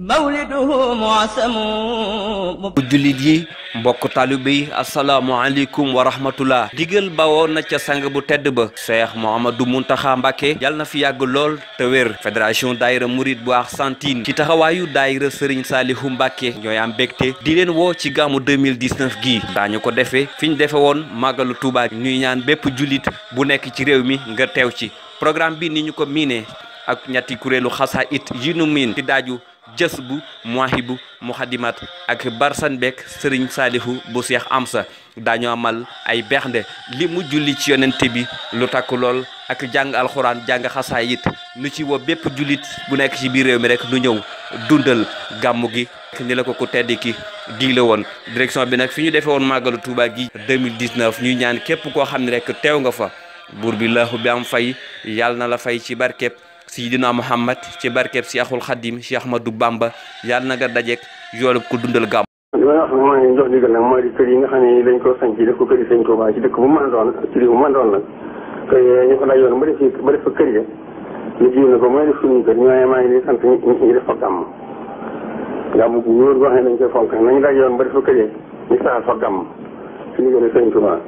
mawliduhu muasamu jullit yi mbokk taalibe yi asalaamualeykum wa rahmatullah digal bawoon na ca sang bu tedd ba cheikh mouhamadou muntaxa mbàkke yàlla na fi yàgg lool te wér fédération daayira murid bu Argentine ci taxawaayu daayira sëriñ saalihu mbàkke ñooy am bégte di leen woo ci gàmmu 2019 gii daañu ko defee fi ñu defe woon màggalu Tuubaa ñuy ñaan bépp jullit bu nekk ci réew mi nga teew ci programme bi ni ñu ko miinee ak ñetti kuréelu xasaa it yi nu miin jës bu muwahibu muhadimat ak barsan beek sëriñ saalihu bu seex am sa daañu amal ay bernde li mu julli ci yonente bi lu takk lool ak jàng alxuraan jàng xasaayit nu ci woo bépp jullit bu nekk ci biir réew mi rek nu ñëw dundal gàmmu gi ni la ko ku tedd ki digle woon direction bi nag fi ñu defee woon màggalu Touba gi 2019 ñuy ñaan képp koo xam ne rek teew nga fa buur bi laahu bi am fay yàlla na la fay ci barkeb Seydina Muhammad ci barkeb si axul xadim Cheikh Ahmadou Bamba yàlla na nga dajeek yoolub ko dundal gàmm ma wax mooy jox digal nag mooy di kër yi nga xam ne dañ koo sanc def ko kër yi sëñ Tuubaa ci dëkk bu mën doon ci réew bu mën doon nag kër ñu ba def ba def fa kër ya ñu jiw na ko mooy def suñu kër ñooy maa ngi di ba def fa kër ñu saxal fa gàmm ci liggéey sëñ Tuubaa